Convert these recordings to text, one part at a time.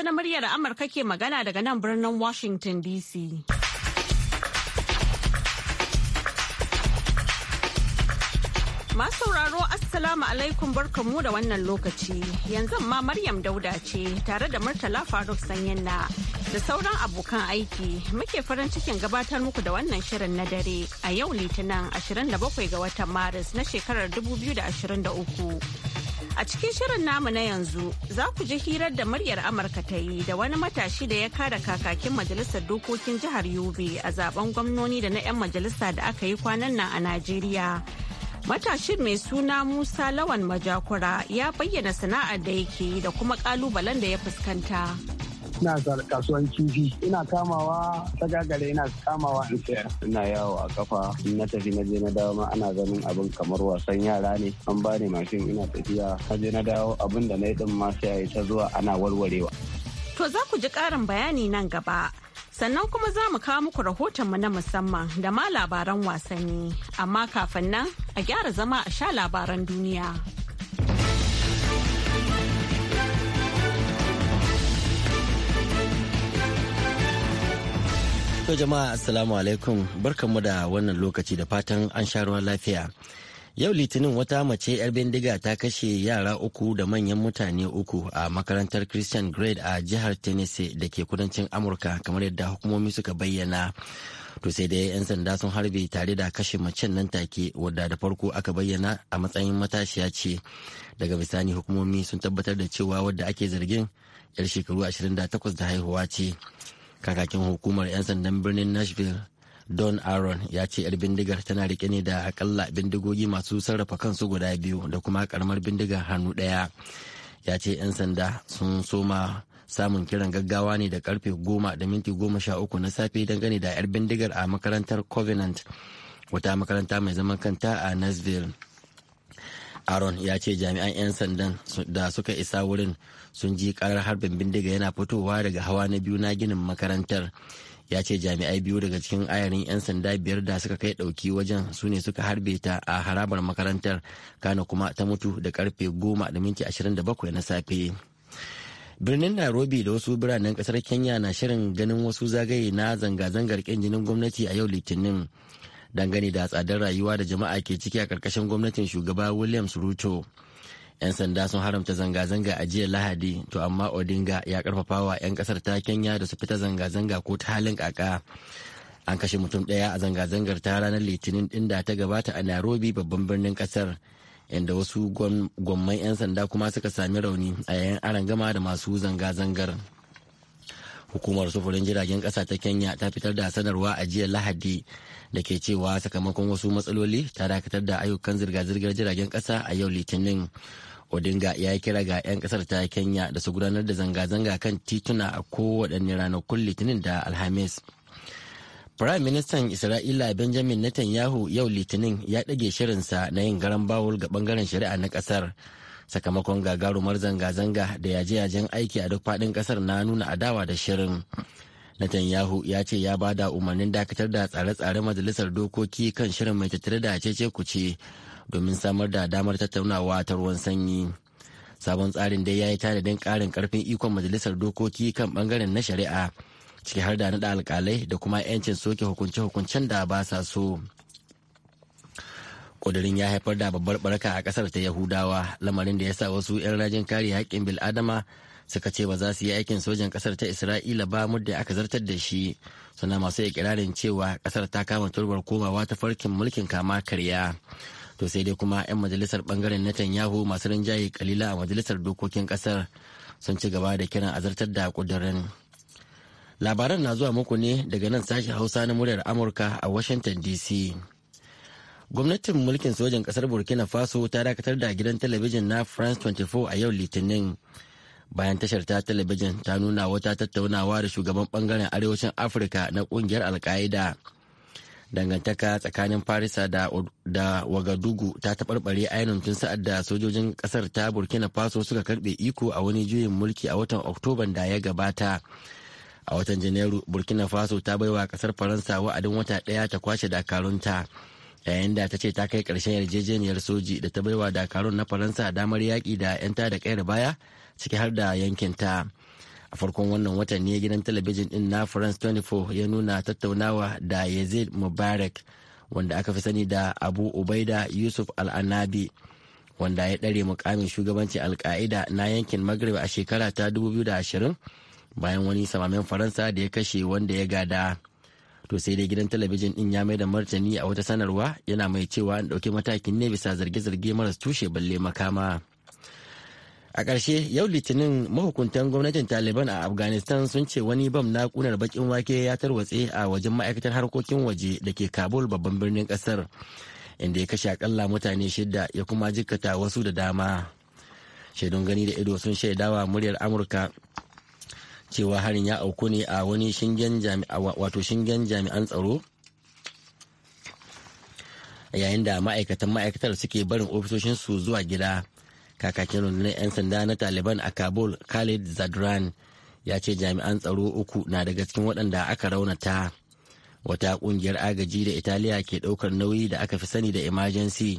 Hausa na muryar Amurka ke magana daga nan birnin Washington DC. Masu sauraro Assalamu alaikum mu da wannan lokaci. Yanzu ma Maryam Dauda ce tare da Murtala Faruk Sanyanna da sauran abokan aiki muke farin cikin gabatar muku da wannan shirin na dare a yau Litinin 27 ga watan Maris na shekarar 2023. A cikin shirin namu na yanzu za ku ji hirar da muryar Amurka ta yi da wani matashi da ya kada kakakin majalisar dokokin jihar Yobe a zaben gwamnoni da na 'yan majalisa da aka yi kwanan nan a Najeriya. Matashin mai suna Musa Lawan Majakura ya bayyana sana'ar da yake da kuma kalubalen da ya fuskanta. ina kasuwan kifi ina kamawa ta gagare ina kamawa in sayar ina yawo a kafa na tafi na je na dawo ma ana ganin abin kamar wasan yara ne an ba ni mashin ina tafiya na je na dawo abin da na yi din ma sai ta zuwa ana warwarewa to za ku ji karin bayani nan gaba sannan kuma za mu kawo muku rahotonmu na musamman da ma labaran wasanni amma kafin nan a gyara zama a sha labaran duniya. To jama'a assalamu alaikum barkanmu da wannan lokaci da fatan an sha ruwan lafiya. Yau litinin wata mace 'yar bindiga ta kashe yara uku da manyan mutane uku a makarantar Christian Grade a jihar Tennessee da ke kudancin Amurka kamar yadda hukumomi suka bayyana. To sai dai 'yan sanda sun harbe tare da kashe macen nan take wadda da farko aka bayyana a matsayin matashiya ce. Daga bisani hukumomi sun tabbatar da cewa wadda ake zargin 'yar shekaru 28 da haihuwa ce. kakakin hukumar 'yan sandan birnin nashville don aaron ya ce 'yar bindigar tana rike ne da akalla bindigogi masu sarrafa kansu guda biyu da kuma karamar bindigar hannu ɗaya ya ce 'yan sanda sun soma samun kiran gaggawa ne da karfe goma da minti goma sha uku na safe dangane da 'yar bindigar a makarantar covenant wata makaranta mai zaman kanta a nashville aron ya ce jami'an 'yan sandan da suka isa wurin sun ji karar harbin bindiga yana fitowa daga hawa na biyu na ginin makarantar ya ce jami'ai biyu daga cikin ayarin 'yan sanda biyar da suka kai ɗauki wajen su ne suka harbe ta a harabar makarantar kana kuma ta mutu da karfe goma na safe birnin nairobi da wasu biranen kasar kenya na shirin ganin wasu zagaye na zanga-zangar kin jinin gwamnati a yau litinin dangane da tsadar rayuwa da jama'a ke ciki a ƙarƙashin gwamnatin shugaba williams ruto 'yan sanda sun haramta zanga-zanga a jiya lahadi to amma odinga ya karfafa wa 'yan kasar ta kenya da su fita zanga-zanga ko ta halin kaka an kashe mutum ɗaya a zanga-zangar ta ranar litinin inda da ta gabata a nairobi babban birnin kasar inda wasu gwamman 'yan sanda kuma suka sami rauni a yayin arangama da masu zanga-zangar. hukumar sufurin jiragen ƙasa ta kenya ta fitar da sanarwa a jiya lahadi da ke cewa sakamakon wasu matsaloli ta dakatar da ayyukan zirga-zirgar jiragen kasa a yau litinin odinga ya yi kira ga 'yan ƙasar ta kenya da su gudanar da zanga-zanga kan tituna a kowaɗanne ranakun litinin da alhamis Firayim Ministan Isra'ila Benjamin Netanyahu yau Litinin ya ɗage shirinsa na yin garan bawul ga ɓangaren shari'a na ƙasar sakamakon gagarumar zanga-zanga da yaje-yajen aiki a duk faɗin ƙasar na nuna adawa da shirin. Netanyahu ya ce ya ba da umarnin dakatar da tsare-tsare majalisar dokoki kan shirin mai tattare da cece kuce domin samar da damar tattaunawa ta ruwan sanyi. Sabon tsarin dai ya yi tanadin ƙarin ƙarfin ikon majalisar dokoki kan ɓangaren na shari'a ciki har da naɗa alƙalai da kuma 'yancin soke hukunce-hukuncen da ba sa so. ƙudurin ya haifar da babbar barka a ƙasar ta yahudawa lamarin da ya sa wasu 'yan rajin kare haƙƙin bil'adama suka ce ba za su yi aikin sojan ƙasar ta isra'ila ba muddin aka zartar da shi suna masu ikirarin cewa ƙasar ta kama turbar komawa ta farkin mulkin kama karya to sai dai kuma 'yan majalisar bangaren netanyahu masu rinjaye kalila a majalisar dokokin ƙasar sun ci gaba da kiran azartar da kudirin labaran na zuwa muku ne daga nan sashen hausa na muryar amurka a washington dc gwamnatin mulkin sojan kasar burkina faso ta dakatar da gidan talabijin na france 24 a yau litinin bayan tashar ta talabijin ta nuna wata tattaunawa da shugaban bangaren arewacin afirka na kungiyar alka'ida dangantaka tsakanin farisa da, da wagadugu ta taɓarɓare ainihin tun sa'ad da sojojin ƙasar ta burkina faso suka karɓe iko a wani juyin mulki a watan oktoban da ya gabata a watan janairu burkina faso ta baiwa ƙasar faransa wa'adin wata ɗaya ta kwashe dakarunta. yayin da ta ce ta kai karshen yarjejeniyar soji da ta baiwa dakarun na faransa damar yaƙi da 'yan da kayar baya ciki har da yankin ta a farkon wannan watan ne gidan talabijin din na france 24 ya nuna tattaunawa da yazid mubarak wanda aka fi sani da abu ubaida yusuf al-anabi wanda ya ɗare mukamin shugabancin alka'ida na yankin maghrib a shekara ta 2020 bayan wani samamen faransa da ya kashe wanda ya gada to sai dai gidan talabijin din ya mai da martani a wata sanarwa yana mai cewa an ɗauki matakin ne bisa zarge-zarge maras tushe balle makama a ƙarshe yau litinin mahukuntan gwamnatin taliban a afghanistan sun ce wani bam na kunar bakin wake ya tarwatse a wajen ma'aikatar harkokin waje da ke kabul babban birnin ƙasar inda ya kashe akalla mutane shida ya kuma jikkata wasu da dama shaidun gani da ido sun shaidawa muryar amurka cewa harin ya auku ne a wani shingen wato shingen jami'an tsaro yayin da ma'aikatan ma'aikatar suke barin su zuwa gida kakakin rundunar 'yan sanda na taliban a kabul khalid zadran ya ce jami'an tsaro uku na daga cikin waɗanda aka raunata wata ƙungiyar agaji da italiya ke ɗaukar nauyi da aka fi sani da emergency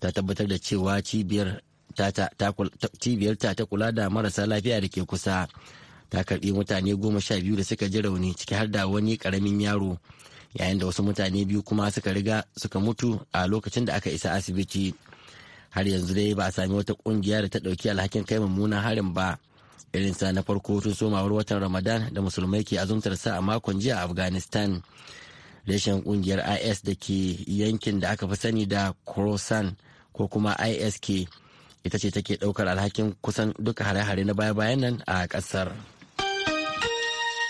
ta tabbatar da cewa cibiyar ta ta kula da marasa lafiya da ke kusa ta karbi mutane goma sha biyu da suka ji rauni ciki har da wani karamin yaro yayin da wasu mutane biyu kuma suka riga suka mutu a lokacin da aka isa asibiti har yanzu dai ba a sami wata kungiya da ta dauki alhakin kai mummunan harin ba irin sa na farko tun somawar watan ramadan da musulmai ke azumtar sa a makon jiya a afghanistan reshen kungiyar is da ke yankin da aka fi sani da krosan ko kuma isk ita ce take daukar alhakin kusan duka hare-hare na baya-bayan nan a kasar.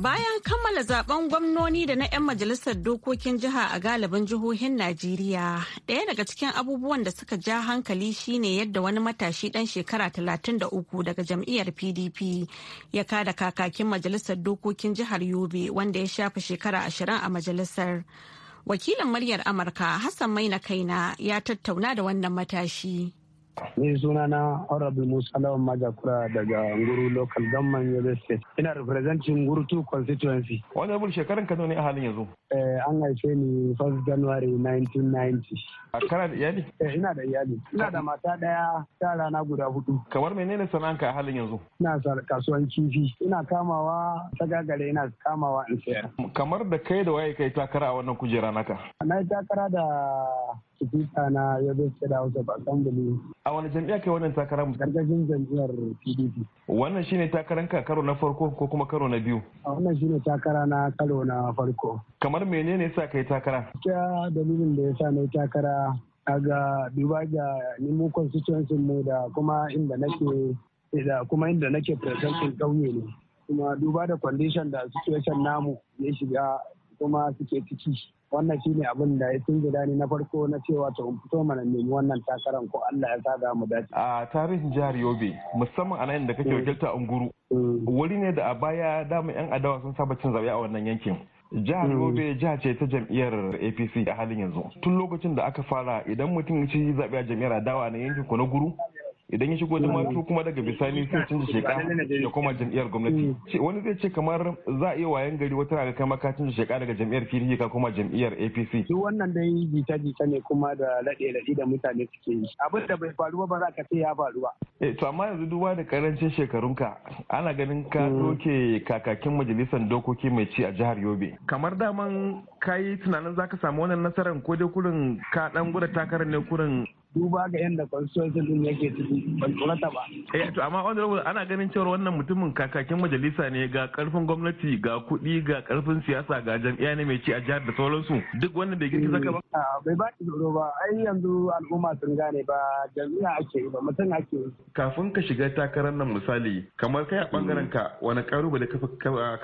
Bayan kammala zaben gwamnoni da na 'yan majalisar dokokin jiha a galibin jihohin Najeriya, ɗaya daga cikin abubuwan da suka ja hankali shine yadda wani matashi ɗan shekara 33 daga jam'iyyar PDP ya kada kakakin majalisar dokokin jihar Yobe wanda ya shafa shekara 20 a majalisar. Wakilin muryar Amurka Hassan Maina Kaina ya tattauna da wannan matashi. Ni suna na Honorable Musa Lawan Majakura daga Nguru Local Government Yobe State. Ina representing Nguru 2 constituency. abu shekaran ka ne a halin yanzu? Eh, an haife ni 1st January 1990. A kana da iyali? Eh, ina da iyali. Ina da mata daya, yara na guda hudu. Kamar menene sana'anka a halin yanzu? Ina kasuwan kifi. Ina kamawa ta gagare ina kamawa in sayar. Kamar da kai da waye kai takara a wannan kujera naka? Na yi takara da sifika na ya zo da House of Assembly. A wani jam'iyya kai wannan takarar musamman? Gargajin jam'iyyar PDP. Wannan shine takaran ka karo na farko ko kuma karo na biyu? A wannan shine takara na karo na farko. Kamar menene sa kai takara? Gaskiya dalilin da ya sa na takara ga duba ga nemo constituency mu da kuma inda nake da kuma inda nake presenting kauye ne. Kuma duba da condition da situation namu ya shiga kuma suke ciki. wannan shi ne abin da ya gida ni na farko na cewa to in mana nemi wannan takarar ko Allah ya sada mu dace a tarihin jihar Yobe musamman a nan da kake mm. wakilta Unguru mm. wuri ne da a baya dama yan adawa sun saba cin zaɓe a wannan yankin jihar mm. Yobe jiha ce ta jam'iyyar APC a halin yanzu tun lokacin da aka fara idan mutum ya ci zaɓe a jam'iyyar adawa na yankin ku na guru idan ya shigo mafi kuma daga bisani sai canza sheka da kuma jam'iyyar gwamnati mm. wani zai ce kamar za a iya wayan gari wata ga kai maka canza sheka daga jam'iyyar PDP ka kuma jam'iyyar APC duk wannan dai jita jita ne kuma da lade lade da mutane suke yi abin da bai faru ba za ka ce ya faru ba eh to amma yanzu duba da karancin shekarunka ana ganin ka mm. doke kakakin majalisar dokoki mai ci a jihar Yobe kamar daman kayi tunanin zaka samu wannan nasarar ko dai kurin ka dan gura takarar ne kurin duba ga yadda constituency din yake ciki ban tsorata ba. Eh to amma rubuta ana ganin cewa wannan mutumin kakakin majalisa ne ga karfin gwamnati ga kuɗi ga karfin siyasa ga jam'iyya ne mai ci a jihar da sauransu duk wannan bai gidi zaka ba. Eh, bai ba tsoro ba ai yanzu al'umma sun gane ba jam'iyya ake ba mutum ake. Kafin ka shiga takarar nan misali kamar kai a bangaren ka wani karubale ka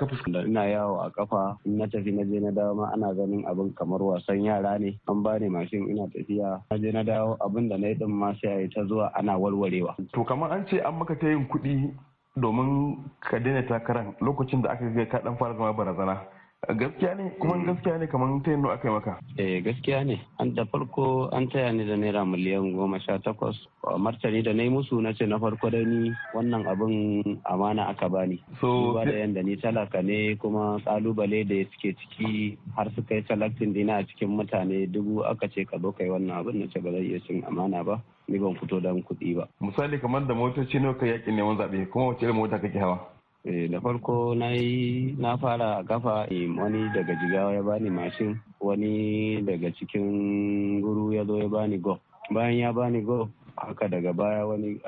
fuskanta. Ina yawo a kafa na tafi na je na dawo ma ana ganin abin kamar wasan yara ne an bani mashin ina tafiya na je na dawo abin abin da na yi din ma sai ta zuwa ana warwarewa. To kamar an ce an maka ta yin kuɗi domin ka daina takarar lokacin da aka ga ka dan fara zama barazana. gaskiya ne kuma eh. gaskiya ne kamar ta yadda aka yi maka eh gaskiya ne an da farko an taya ni da naira miliyan goma sha takwas martani da na yi musu na ce na farko da ni wannan abin amana aka bani so ba da yadda ni talaka ne kuma kalubale da suke ciki har su kai talakin dina a cikin mutane dubu aka ce ka zo kai wannan abin na ce ba zai iya cin amana ba ni ban fito don kuɗi ba misali kamar da motoci ne ka yakin neman zaɓe kuma wace irin mota kake hawa Eh, da farko na yi na fara a kafa eh, wani daga jigawa ya bani mashin wani daga cikin guru ya zo ya bani go bayan ya bani go haka daga baya wani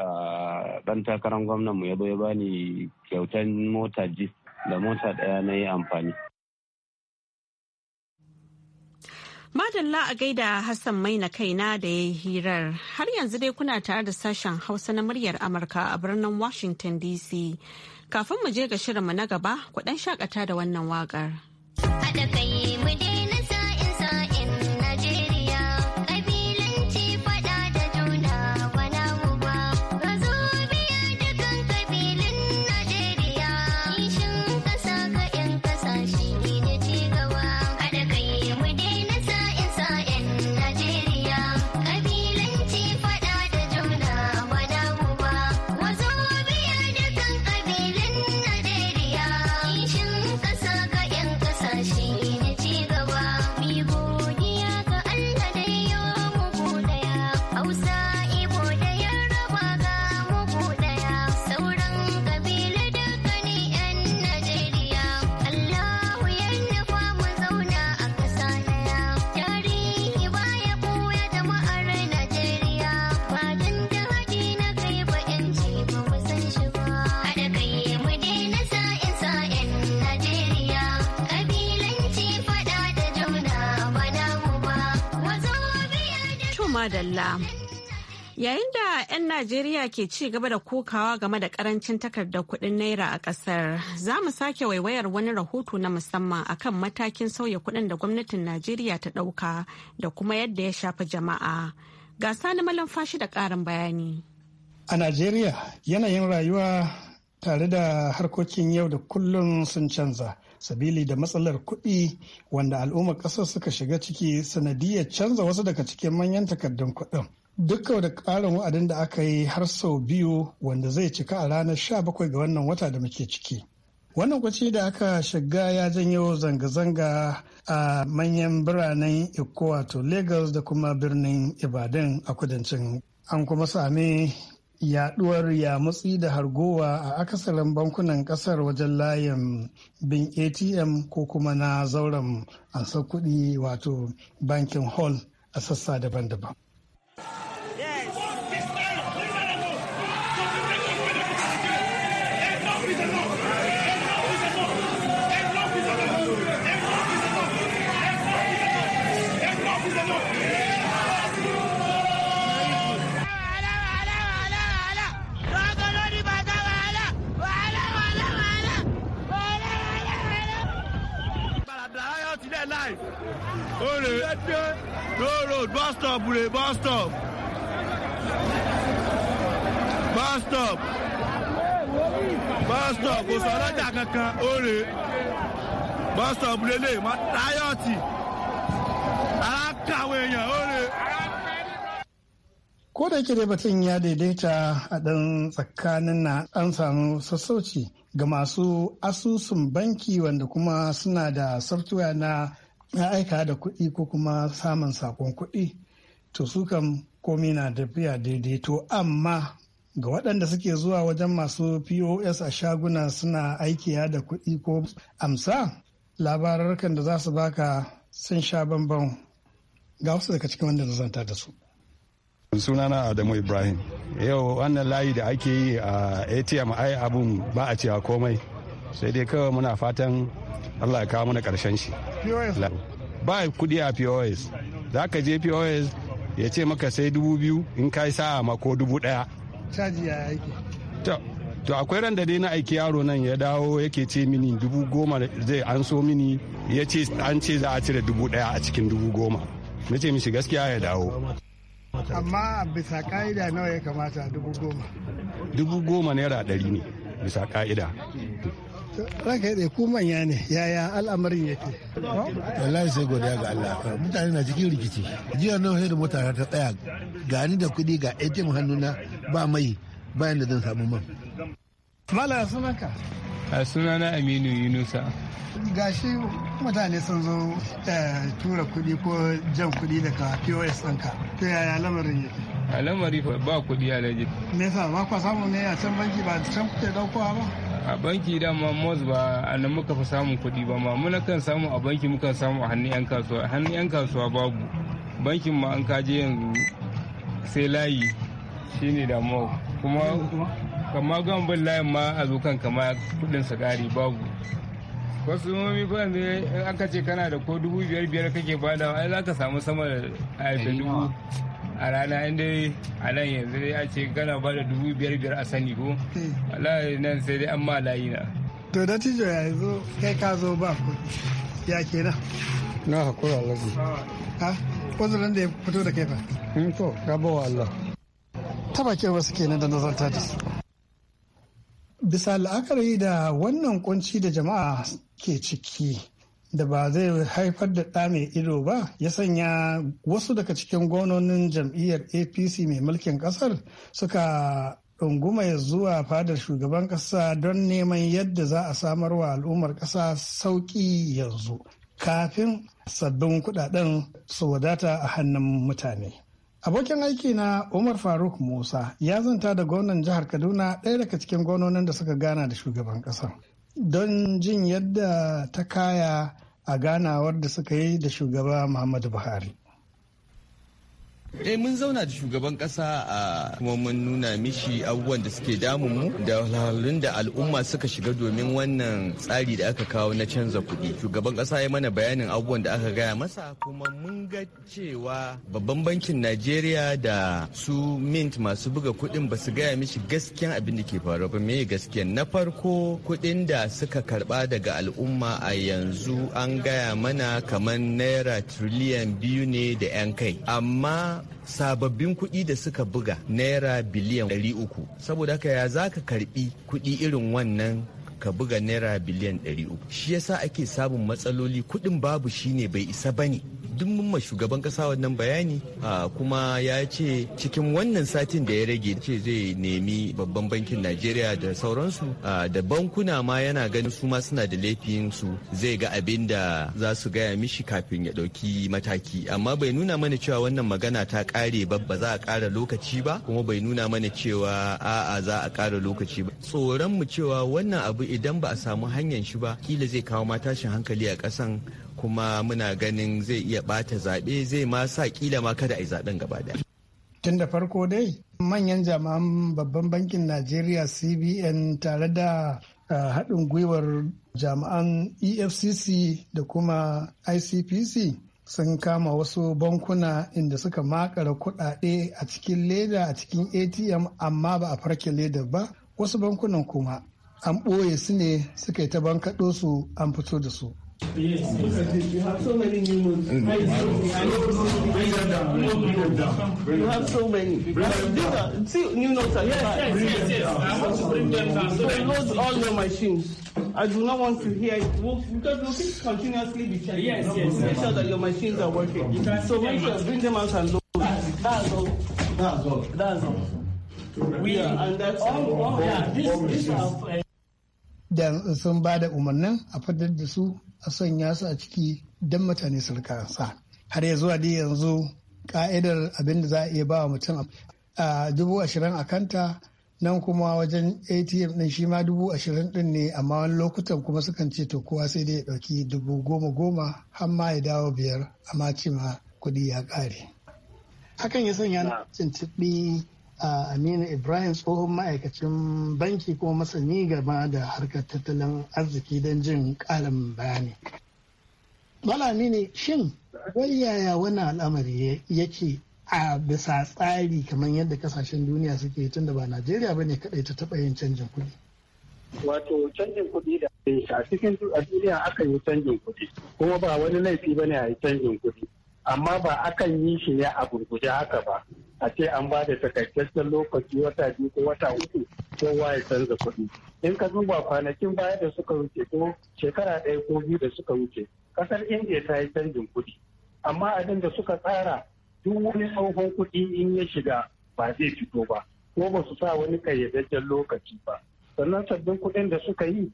dan takarar gwamnan mu ya zo ya bani kyautan mota ji da mota daya na yi amfani Madalla a gaida Hassan mai na kaina da ya yi hirar. Har yanzu dai kuna tare da sashen Hausa na muryar Amurka a birnin Washington DC. Kafin mu je ga shirin mu na gaba, ku ɗan shakata da wannan waƙar. Haɗa kai mu dai. madalla. Yayin da 'yan Najeriya ke ci gaba da kokawa game da karancin takardar kuɗin Naira a ƙasar, za mu sake waiwayar wani rahoto na musamman akan matakin sauya kuɗin da gwamnatin Najeriya ta ɗauka da kuma yadda ya shafi jama'a. Ga sani malamfashi da ƙarin bayani. A Najeriya yanayin rayuwa tare da harkokin yau da kullum sun canza. sabili da matsalar kuɗi wanda al'ummar ƙasar suka shiga ciki sanadiyar canza wasu daga cikin manyan takardun kuɗin. Dukka da ƙarin wa'adin da aka yi har sau biyu wanda zai cika a ranar sha bakwai ga wannan wata da muke ciki. Wannan kwaci da aka shiga ya janyo zanga-zanga a manyan biranen Eko wato Lagos da kuma birnin Ibadan a kudancin. An kuma sami yaduwar yamutsi da hargowa a akasarin bankunan kasar wajen layin bin atm ko kuma na zauren ansa kuɗi wato bankin hall a sassa daban-daban no Ko da yake dai batun ya daidaita a ɗan tsakanin na an samu sassauci ga masu asusun banki wanda kuma suna da software na na aika da kuɗi ko kuma samun sakon kuɗi to su kam komi na tafiya daidai to amma ga waɗanda suke zuwa wajen masu pos a shaguna suna aikiya da kuɗi ko amsa labararkan da za su baka sun sha bambam ga wasu daga cikin wanda na zanta da su sunana adamu ibrahim yau wannan layi da ake yi a atm ai abun ba a cewa komai sai dai kawai muna fatan allah ya kawo mana karshen shi ba kudi a pos za ka je pos ya ce maka sai dubu biyu in kai sa'a ma ko dubu daya caji ya aiki to akwai ran da dai na aiki yaro nan ya dawo yake ce mini dubu goma zai an so mini ya ce an ce za a cire dubu daya a cikin dubu goma na ce mishi gaskiya ya dawo amma bisa ka'ida nawa ya kamata dubu goma dubu goma naira ɗari ne bisa ka'ida ranka ya ku manya ne yaya al'amarin yake wallahi sai godiya ga Allah mutane na cikin rikici jiya nan sai da mota ta tsaya gani da kuɗi ga ATM hannuna ba mai bayan da zan samu man mala sunanka a sunana aminu yunusa gashi mutane sun zo eh, tura kuɗi ko jan kuɗi daga pos ɗinka to yaya lamarin yake a lamari ba kuɗi a laje me yasa ba kwa samu ne a can banki ba can kuke ɗaukowa ba a banki da mos ba a nan muka fi samun kuɗi ba ma muna kan samu a banki muka samu a hannun 'yan kasuwa hannun 'yan kasuwa babu bankin ma an kaje yanzu sai layi shine da mau kuma kama gan bin layin ma a zo kan kama kuɗin sigari babu wasu momi ba ne aka ce kana da ko dubu biyar biyar kake badawa ai za ka samu sama da dubu a rana inda dai a nan yanzu dai a ce kana ba da dubu biyar biyar a sani ko wallahi nan sai dai an ma layi na to da tijo ya zo kai ka zo ba kuɗi ya ke nan na hakura alaji ha uzurin da ya fito da kai ba in hmm, to gaba wa Allah ta bakin wasu kenan da nazarta da su bisa la'akari da wannan kunci da jama'a ke ciki da ba zai haifar da ɗa mai ido ba ya sanya wasu daga cikin gononin jam'iyyar apc mai mulkin ƙasar suka ya zuwa fadar shugaban ƙasa don neman yadda za a samar wa al'ummar ƙasa sauƙi yanzu kafin sabbin kudaden su wadata a hannun mutane. Abokin aiki na Umar Faruk Musa ya zanta da gwamnan jihar Kaduna ɗaya daga cikin gwamnonin da suka gana da shugaban ƙasa. Don jin yadda ta kaya a ganawar da suka yi da shugaba muhammadu buhari mun zauna da shugaban kasa a kuma mun nuna mishi abubuwan da suke damun mu da halin da al'umma suka shiga domin wannan tsari da aka kawo na canza kuɗi shugaban kasa ya mana bayanin abubuwan da aka gaya masa kuma mun ga cewa babban bankin najeriya da su mint masu buga kuɗin ba su gaya mishi gaskiyan abin da ke faruwa ba me gaskiyan na farko kuɗin da suka karba daga al'umma a yanzu an gaya mana kamar naira triliyan biyu ne da 'yan kai amma sababbin kuɗi da suka buga naira biliyan 300 saboda haka ya za ka karbi kuɗi irin wannan ka buga naira biliyan 300 shi yasa ake samun matsaloli kuɗin babu shine bai isa bane duk mun ma shugaban kasa wannan bayani kuma ya ce cikin wannan satin da ya rage ce zai nemi babban bankin najeriya da sauransu da bankuna ma yana ganin su ma suna da laifin su zai ga abin da za su gaya mishi kafin ya ɗauki mataki amma bai nuna mana cewa wannan magana ta ƙare ba ba za a ƙara lokaci ba kuma bai nuna mana cewa a'a za a ƙara lokaci ba tsoron mu cewa wannan abu idan ba a samu hanyar shi ba kila zai kawo ma tashin hankali a ƙasan kuma muna ganin zai iya bata zaɓe zai ma sa kila ma kada a yi zaɓen gaba daya. Tun da farko dai manyan jami'an babban bankin Najeriya CBN tare da haɗin gwiwar jami'an EFCC da kuma ICPC sun kama wasu bankuna inda suka makara kuɗaɗe a cikin leda a cikin ATM amma ba a farke leda ba wasu bankunan kuma an ɓoye su ne suka yi ta bankaɗo su an fito da su. Yes, yes. You have so many new notes. Bring them down. Bring them down. You have so many. Bring them down. See, new notes are yes, yes, yes, I want to bring them down. So load all your machines. I do not want to hear it because we'll keep continuously be checking. Yes, yes. Make sure that your machines are working. so make sure bring them out and load. That's, all. That's all. That's all. We are, and that's all. yeah, this, this are. da sun ba da umarnin a fitar da su a sanya su a ciki don mutane su rika har ya zuwa yanzu ka'idar abin da za a iya ba wa mutum a dubu ashirin a kanta nan kuma wajen atm din shi ma dubu ashirin din ne amma wani lokutan kuma sukan ce to kowa sai dai ya ɗauki dubu goma goma har ma ya dawo biyar amma ce ma kuɗi ya kare. hakan ya sanya na tuntuɓi Aminu Ibrahim tsohon ma'aikacin banki ko masani gama da harkar tattalin arziki don jin ƙarin bayani. Malami ne shin yaya wannan al'amari yake a bisa tsari kamar yadda kasashen duniya suke tun da ba Najeriya ba ne kaɗai ta taɓa yin canjin kuɗi. Wato canjin kuɗi da a cikin duniya aka yi canjin kuɗi kuma ba wani laifi ba ne a yi canjin kuɗi. amma ba akan yi shi ne a gurguje haka ba a ce an ba da takaitaccen lokaci wata biyu ko wata uku kowa ya canza kuɗi in ka duba kwanakin baya da suka wuce ko shekara ɗaya ko biyu da suka wuce Kasar indiya ta yi canjin kuɗi amma abin da suka tsara duk wani tsohon kuɗi in ya shiga ba zai fito ba ko ba su sa wani kayyadaccen lokaci ba sannan sabbin kuɗin da suka yi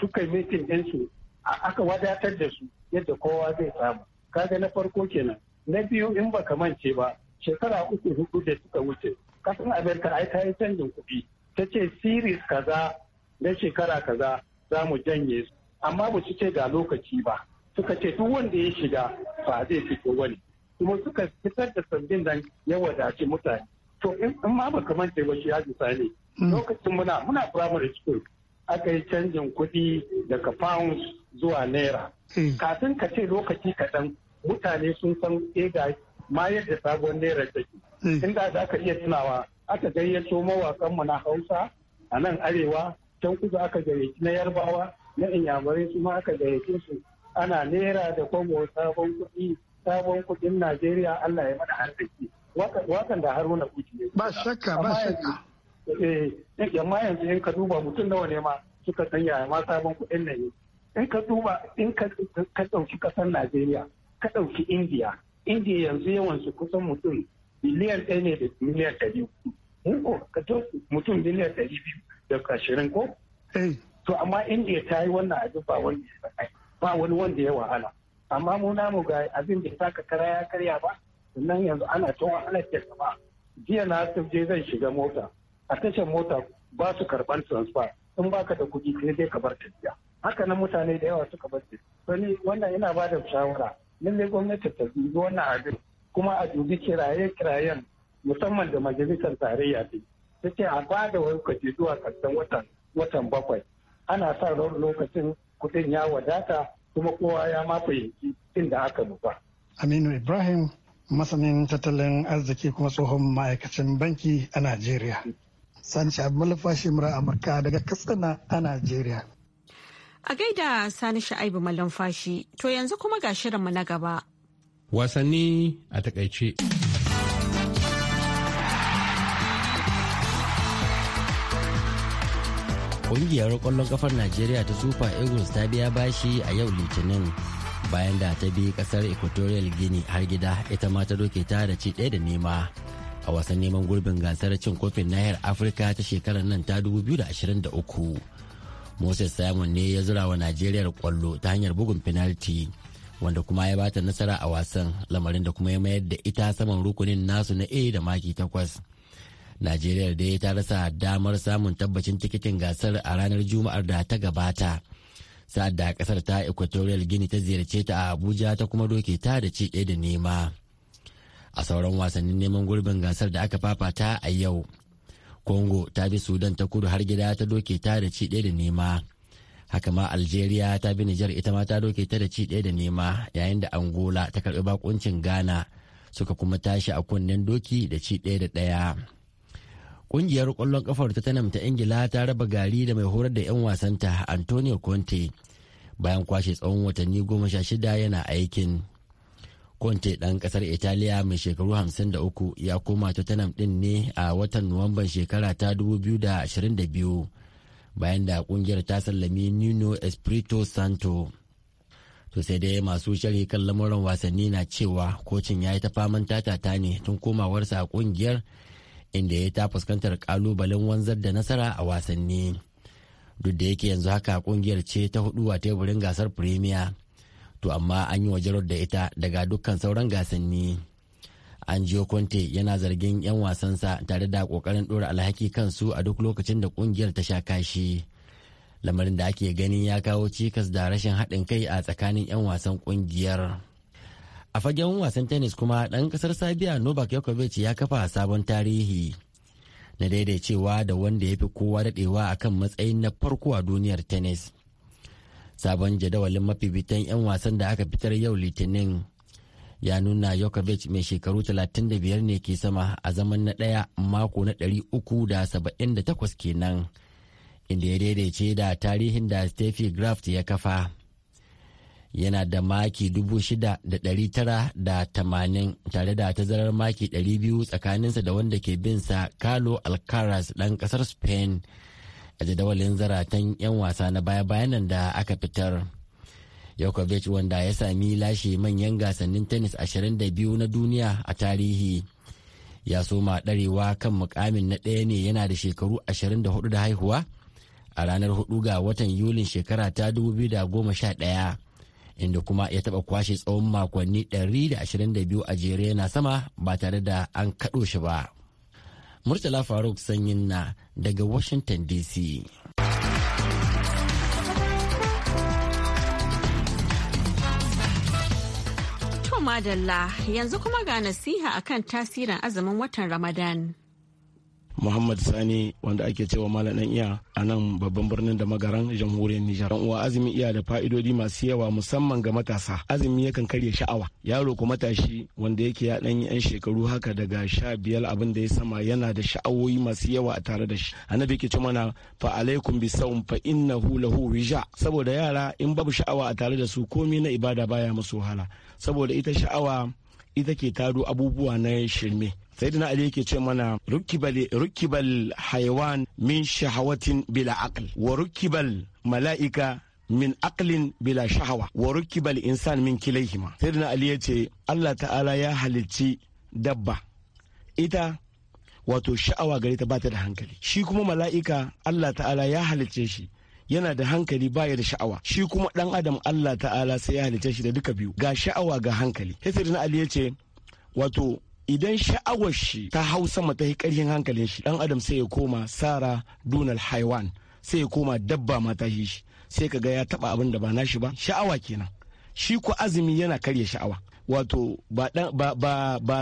suka yi mitin ɗinsu aka wadatar da su yadda kowa zai samu kaga na farko kenan na biyu in baka mance ba shekara uku hudu da suka wuce kasan amerika ai ta yi canjin kuɗi ta ce series kaza na shekara kaza za mu janye su amma ba su ce ga lokaci ba suka ce duk wanda ya shiga ba zai fito wani kuma suka fitar da sandin nan ya wadace mutane to in ma ba mance ba shi ya ne hmm. lokacin muna muna primary school aka yi canjin kuɗi daga pounds zuwa naira hmm. kafin ka ce lokaci kaɗan mutane sun san ega eh, ma yadda sabon naira take hmm. inda da aka iya tunawa aka gayyato mu na hausa a nan arewa can kusa aka gayyaci na yarbawa na inyamurai su ma aka gayyace su ana naira da kwamo sabon kuɗi sabon kuɗin najeriya allah ya mana arziki wakan da haruna kuci ne ba shakka ba shakka eh yamma eh, yanzu in ka duba mutum nawa ne ma suka san yaya ma sabon kuɗin nan ne in ka duba in ka ɗauki ƙasar najeriya ka ɗauki indiya indiya yanzu yawan su kusan mutum miliyan ɗaya ne da miliyan ɗari ko ka mutum miliyan ɗari biyu da ashirin ko eh. to amma indiya ta yi wannan abin ba wani ba wani wanda ya wahala amma mu namu ga abin da ta kara ya karya ba sannan yanzu ana ta wahalar da ba jiya na je zan shiga mota a tashar mota ba su karɓar transfer in baka da kuɗi sai dai ka bar tafiya haka nan mutane da yawa suka bar tafiya Sani wannan yana ba da shawara lallai gwamnati ta dubi wannan abin kuma a dubi kiraye-kirayen musamman da majalisar tarayya ce ta ce a ba da lokaci zuwa karshen watan watan bakwai ana sa lokacin kuɗin ya wadata kuma kowa ya ma fahimci inda aka nufa. Aminu Ibrahim masanin tattalin arziki kuma tsohon ma'aikacin banki a Najeriya. Sani Sha'ib Malafashi mura Amurka daga Katsina a Najeriya. A gaida Sani Sha'aibu Malafashi to yanzu kuma ga shirinmu na gaba. Wasanni a takaice. Ƙungiyar ƙwallon ƙafar Najeriya ta Super Eagles ta biya bashi a yau Litinin bayan da ta bi ƙasar Equatorial Guinea har gida ita ma ta doke ta da ci ɗaya da nema. a wasan neman gurbin gasar cin kofin nahiyar afirka ta shekarar nan ta 2023 moses simon ne ya zura wa najeriya kwallo ta hanyar bugun finalti wanda kuma ya bata nasara a wasan lamarin da kuma ya mayar da ita saman rukunin nasu na a da maki takwas najeriya dai ta rasa damar samun tabbacin tikitin gasar a ranar juma'ar da ta gabata sa'ad da kasar ta equatorial guinea ta ziyarce ta a abuja ta kuma doke ta da ci da nema a sauran wasannin neman gurbin gasar da aka fafata a yau congo ta bi sudan ta kudu har gida ta doke ta da ci ɗaya da nema haka ma algeria ta bi nijar ita ma ta doke ta da ci ɗaya da nema yayin da angola ta karɓi bakuncin ghana suka kuma tashi a kunnen doki da ci ɗaya da ɗaya ƙungiyar ƙwallon ƙafar ta tanam ta ingila ta raba gari da mai horar da 'yan wasanta antonio conte bayan kwashe tsawon watanni goma sha shida yana aikin Conte ɗan ƙasar Italiya mai shekaru 53 ya koma Tottenham ɗin ne a watan Nuwamban shekara ta 2022 bayan da ƙungiyar ta sallami Nuno Espirito Santo. To sai dai masu shari kan lamuran wasanni na cewa kocin ya yi ta faman tatata ne tun komawarsa a ƙungiyar inda ya ta fuskantar ƙalubalen wanzar da nasara a wasanni. Duk da yake yanzu haka ƙungiyar ce ta hudu a teburin gasar Premier. to amma an yi wajarar da ita daga dukkan sauran gasanni jiyo conte yana zargin 'yan wasansa tare da kokarin ɗora alhaki kansu a duk lokacin da kungiyar ta sha kashi lamarin da ake gani ya kawo cikas da rashin haɗin kai a tsakanin 'yan wasan kungiyar a fagen wasan tennis kuma ɗan ƙasar sabiya novak yakovic ya kafa sabon tarihi na daidaicewa da wanda ya fi kowa daɗewa a kan matsayin na farko a duniyar tennis sabon jadawalin mafi mafifitan 'yan wasan da aka fitar yau litinin ya nuna Yokovic mai shekaru 35 ne ke sama a zaman na ɗaya mako na 378 kenan inda ya daidaice da tarihin da Steffi Graft ya kafa. Yana da maki 6,980 tare da tazarar maki 200 tsakaninsa da wanda ke binsa Carlo Alcaraz dan kasar Spain. a jadawalin zaratan 'yan wasa na baya-bayan nan da aka fitar. Djokovic wanda ya sami lashe manyan gasannin tennis 22 na duniya a tarihi. Ya soma ɗarewa kan mukamin na ɗaya ne yana da shekaru 24 da haihuwa a ranar 4 ga watan Yulin shekara ta 2011. inda kuma ya taba kwashe tsawon makonni 122 a jere na sama ba tare da an kaɗo shi ba. Murtala Faruk Sanyin na daga Washington DC. madalla yanzu kuma ga nasiha akan tasirin azumin watan Ramadan. muhammad sani wanda ake cewa malam iya a nan babban birnin da magaran jamhuriyar nijar dan uwa azumi iya da fa'idodi masu yawa musamman ga matasa azumi yakan karya sha'awa yaro ko matashi wanda yake ya dan yan shekaru haka daga sha biyar abin da ya sama yana da sha'awoyi masu yawa a tare da shi annabi ke ce mana fa alaikum bi sawm fa innahu lahu wija saboda yara in babu sha'awa a tare da su komai na ibada baya musu wahala saboda ita sha'awa ita ke taro abubuwa na shirme sayyidina ali yake ce mana rukibal rukibal haiwan min shahawatin bila aql wa rukibal mala'ika min aklin bila shahawa wa rukibal insan min kilaihima sayyidina ali yace Allah ta'ala ya halicci dabba ita wato sha'awa gare ta bata da hankali shi kuma mala'ika Allah ta'ala ya halicce shi yana da hankali baya da sha'awa shi kuma dan adam Allah ta'ala sai ya halicce shi da duka biyu ga sha'awa ga hankali sayyidina ali yace wato idan sha'awar shi ta hau sama ta yi karhin hankalin shi dan adam sai ya koma sara dunal haiwan sai ya koma dabba ma ta shi sai ka ga ya taba abin da ba nashi ba sha'awa kenan shi ko azumi yana karya sha'awa wato ba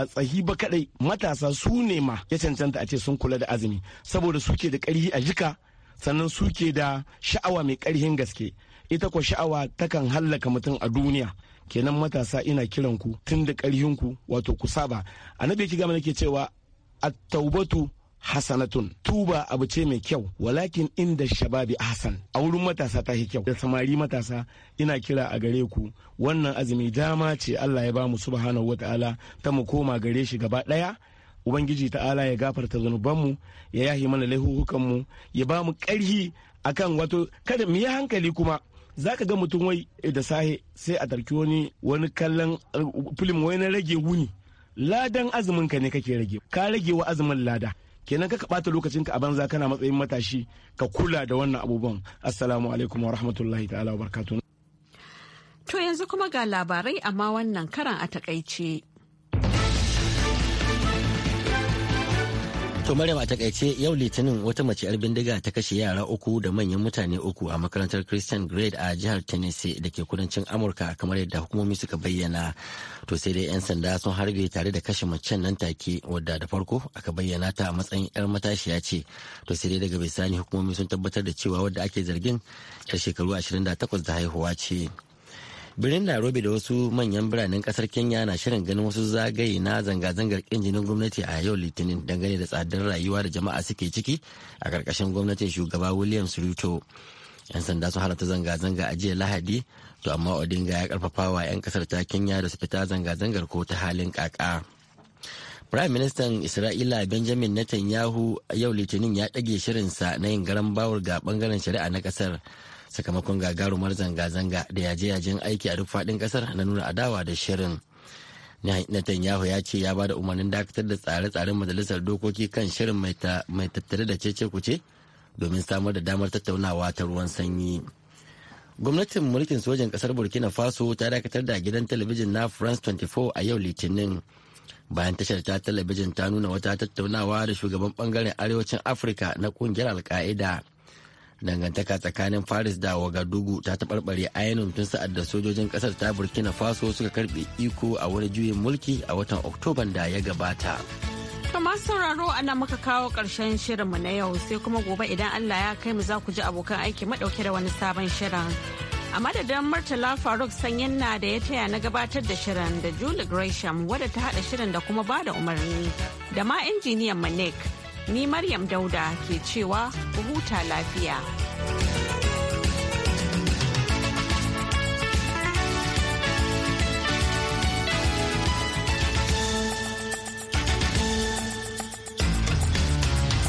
tsahi ba kadai matasa su ne ma ya cancanta a ce sun kula da azumi saboda suke da karhi a jika sannan suke da sha'awa mai karhin gaske ita ko sha'awa takan hallaka mutum a duniya kenan matasa ina kiran ku tun da ƙarhin ku wato ku saba annabi ki gama nake cewa at-taubatu hasanatun tuba abu ce mai kyau walakin inda shababi hasan a wurin matasa ta kyau da samari matasa ina kira a gare ku wannan azumi dama ce Allah ya bamu subhanahu wataala ta mu koma gare shi gaba daya ubangiji ta'ala ya gafarta zunubanmu ya yahi mana laihuhukanmu ya ba bamu karhi akan wato kada mu yi hankali kuma za ka ga mutum wai da sahe sai a tarki wani wani kallon uh, film wai na rage wuni ladan azumin ka ne kake rage ka rage wa azumin lada kenan ka ɓata lokacin ka a banza kana matsayin matashi ka kula da wannan abubuwan assalamu alaikum wa rahmatullahi ta'ala wa barakatuh to yanzu kuma ga labarai amma wannan karan a takaice To Maryam a takaice yau Litinin wata mace yar bindiga ta kashe yara uku da manyan mutane uku a makarantar Christian Grade a jihar Tennessee da ke kudancin Amurka kamar yadda hukumomi suka bayyana. To sai dai 'yan sanda sun harbe tare da kashe macen nan take wadda da farko aka bayyana ta a matsayin 'yar matashiya ce. To sai dai daga bisani hukumomi sun tabbatar da cewa wadda ake zargin 'yar shekaru 28 da haihuwa ce. birnin nairobi da wasu manyan biranen kasar kenya na shirin ganin wasu zagaye na zanga-zangar kin jinin gwamnati a yau litinin dangane da tsadar rayuwa da jama'a suke ciki a karkashin gwamnatin shugaba williams ruto yan sanda sun halarta zanga-zanga a jiya lahadi to amma odinga ya karfafawa yan kasar ta kenya da su fita zanga-zangar ko ta halin kaka Prime Ministan Isra'ila Benjamin Netanyahu yau Litinin ya ɗage shirinsa na yin garan bawul ga bangaren shari'a na kasar. sakamakon gagarumar zanga-zanga da yaje-yajen aiki a duk faɗin ƙasar na nuna adawa da shirin. Netanyahu ya ce ya ba da umarnin dakatar da tsare-tsaren majalisar dokoki kan shirin mai tattare da cece kuce domin samar da damar tattaunawa ta ruwan sanyi. Gwamnatin mulkin sojan kasar Burkina Faso ta dakatar da gidan talabijin na France 24 a yau Litinin. Bayan tashar ta talabijin ta nuna wata tattaunawa da shugaban bangaren arewacin Afirka na kungiyar Alka'ida dangantaka tsakanin paris da wagadugu ta taɓarɓare ainihin tun sa'ad da sojojin ƙasar ta burkina faso suka karɓe iko a wani juyin mulki a watan oktoban da ya gabata To masu sauraro ana muka kawo ƙarshen shirinmu na yau sai kuma gobe idan Allah ya kai mu za ku ji abokan aiki maɗauke da wani sabon shirin. A madadin Murtala Faruk Sanyin na da ya taya na gabatar da shirin da Julie Gresham wadda ta haɗa shirin da kuma bada umarni da ma injiniyan Manek. Ni Maryam Dauda ke cewa huta lafiya.